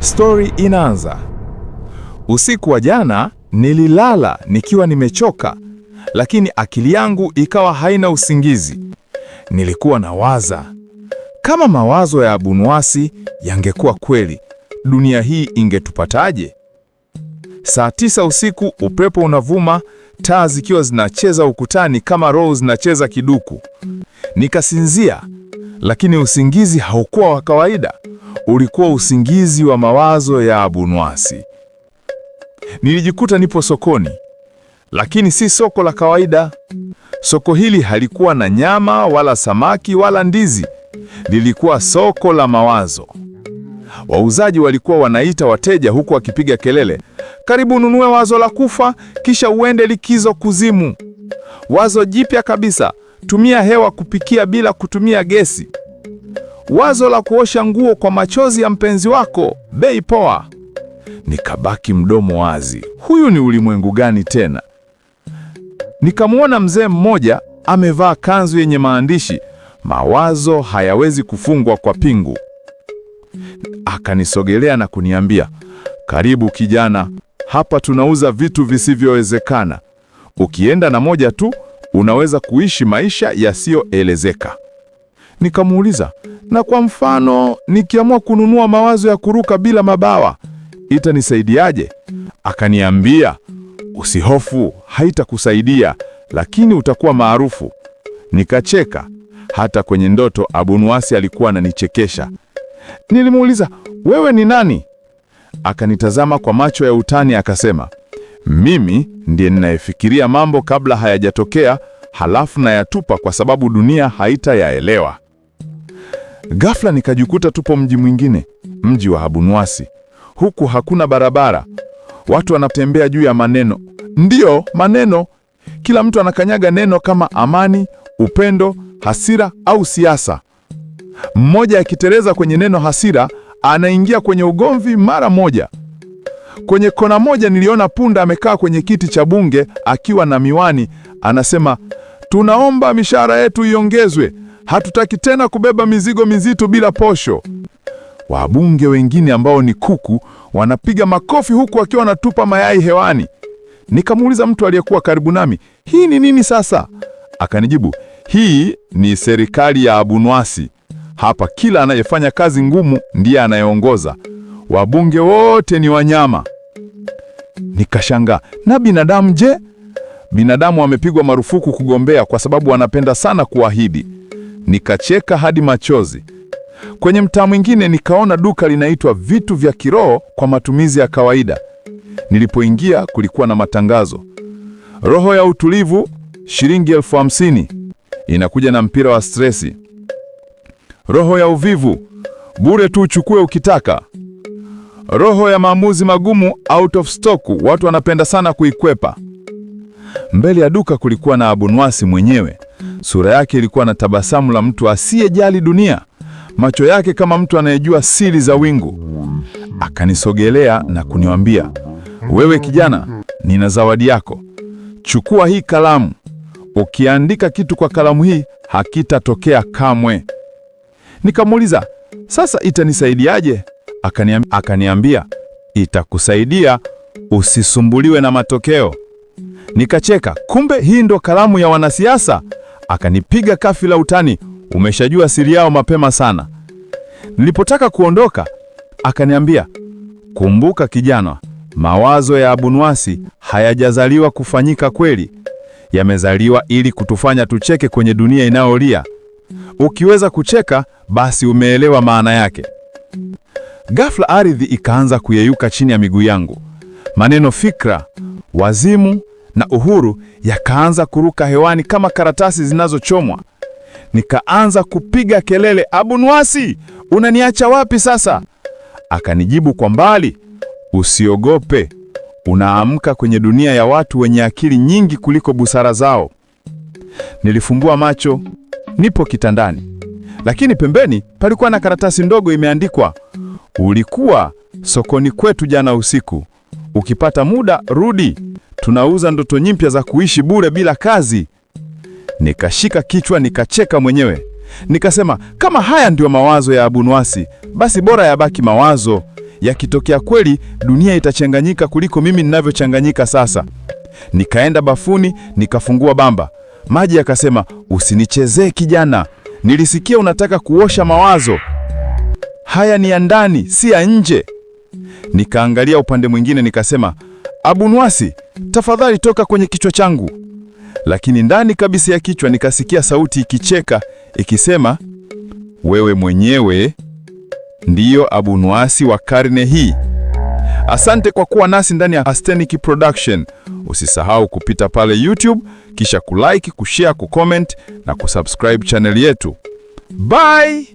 Stori inaanza. Usiku wa jana nililala nikiwa nimechoka, lakini akili yangu ikawa haina usingizi. Nilikuwa na waza, kama mawazo ya Abunuwasi yangekuwa kweli, dunia hii ingetupataje? Saa tisa usiku, upepo unavuma, taa zikiwa zinacheza ukutani kama roho zinacheza kiduku. Nikasinzia, lakini usingizi haukuwa wa kawaida. Ulikuwa usingizi wa mawazo ya abunwasi Nilijikuta nipo sokoni, lakini si soko la kawaida. Soko hili halikuwa na nyama wala samaki wala ndizi, lilikuwa soko la mawazo. Wauzaji walikuwa wanaita wateja huku wakipiga kelele, karibu nunue wazo la kufa, kisha uende likizo kuzimu, wazo jipya kabisa tumia hewa kupikia bila kutumia gesi. Wazo la kuosha nguo kwa machozi ya mpenzi wako, bei poa. Nikabaki mdomo wazi, huyu ni ulimwengu gani tena? Nikamwona mzee mmoja amevaa kanzu yenye maandishi mawazo hayawezi kufungwa kwa pingu. Akanisogelea na kuniambia, karibu kijana, hapa tunauza vitu visivyowezekana. Ukienda na moja tu unaweza kuishi maisha yasiyoelezeka. Nikamuuliza, na kwa mfano nikiamua kununua mawazo ya kuruka bila mabawa itanisaidiaje? Akaniambia, usihofu, haitakusaidia lakini utakuwa maarufu. Nikacheka. Hata kwenye ndoto abu Nuwasi alikuwa ananichekesha. Nilimuuliza, wewe ni nani? Akanitazama kwa macho ya utani akasema mimi ndiye ninayefikiria mambo kabla hayajatokea, halafu nayatupa kwa sababu dunia haitayaelewa. Ghafla nikajikuta tupo mji mwingine, mji wa Habunwasi. Huku hakuna barabara, watu wanatembea juu ya maneno, ndiyo maneno. Kila mtu anakanyaga neno kama amani, upendo, hasira au siasa. Mmoja akiteleza kwenye neno hasira, anaingia kwenye ugomvi mara moja. Kwenye kona moja niliona punda amekaa kwenye kiti cha bunge akiwa na miwani, anasema, tunaomba mishahara yetu iongezwe, hatutaki tena kubeba mizigo mizito bila posho. Wabunge wengine ambao ni kuku wanapiga makofi huku wakiwa wanatupa mayai hewani. Nikamuuliza mtu aliyekuwa karibu nami, hii ni nini sasa? Akanijibu, hii ni serikali ya abunwasi. Hapa kila anayefanya kazi ngumu ndiye anayeongoza wabunge wote ni wanyama. Nikashangaa. Na binadamu je? Binadamu wamepigwa marufuku kugombea kwa sababu wanapenda sana kuahidi. Nikacheka hadi machozi. Kwenye mtaa mwingine nikaona duka linaitwa vitu vya kiroho kwa matumizi ya kawaida. Nilipoingia kulikuwa na matangazo: roho ya utulivu shilingi elfu hamsini inakuja na mpira wa stresi. Roho ya uvivu bure tu, uchukue ukitaka. Roho ya maamuzi magumu, out of stock, watu wanapenda sana kuikwepa. Mbele ya duka kulikuwa na Abunwasi mwenyewe. Sura yake ilikuwa na tabasamu la mtu asiyejali dunia, macho yake kama mtu anayejua siri za wingu. Akanisogelea na kuniwambia wewe kijana, nina zawadi yako. Chukua hii kalamu. Ukiandika kitu kwa kalamu hii hakitatokea kamwe. Nikamuuliza, sasa itanisaidiaje? Akaniambia, akaniambia itakusaidia usisumbuliwe na matokeo. Nikacheka, kumbe hii ndo kalamu ya wanasiasa. Akanipiga kafi la utani, umeshajua siri yao mapema sana. Nilipotaka kuondoka, akaniambia kumbuka kijana, mawazo ya Abunuwasi hayajazaliwa kufanyika kweli, yamezaliwa ili kutufanya tucheke kwenye dunia inayolia. Ukiweza kucheka, basi umeelewa maana yake. Ghafla ardhi ikaanza kuyeyuka chini ya miguu yangu. Maneno fikra, wazimu na uhuru yakaanza kuruka hewani kama karatasi zinazochomwa. Nikaanza kupiga kelele, Abunwasi, unaniacha wapi sasa? Akanijibu kwa mbali, usiogope, unaamka kwenye dunia ya watu wenye akili nyingi kuliko busara zao. Nilifumbua macho, nipo kitandani lakini pembeni palikuwa na karatasi ndogo imeandikwa, ulikuwa sokoni kwetu jana usiku, ukipata muda rudi, tunauza ndoto nyipya za kuishi bure bila kazi. Nikashika kichwa nikacheka mwenyewe, nikasema kama haya ndiyo mawazo ya Abu Nuwasi, basi bora yabaki mawazo. Yakitokea kweli, dunia itachanganyika kuliko mimi ninavyochanganyika sasa. Nikaenda bafuni nikafungua bamba, maji yakasema, usinichezee kijana. Nilisikia unataka kuosha mawazo. Haya ni ya ndani, si ya nje. Nikaangalia upande mwingine nikasema, Abu Nwasi, tafadhali toka kwenye kichwa changu. Lakini ndani kabisa ya kichwa nikasikia sauti ikicheka ikisema, wewe mwenyewe ndiyo Abu Nwasi wa karne hii. Asante kwa kuwa nasi ndani ya astenic Production. Usisahau kupita pale YouTube kisha kulike, kushare, kucomment na kusubscribe chaneli yetu. Bye.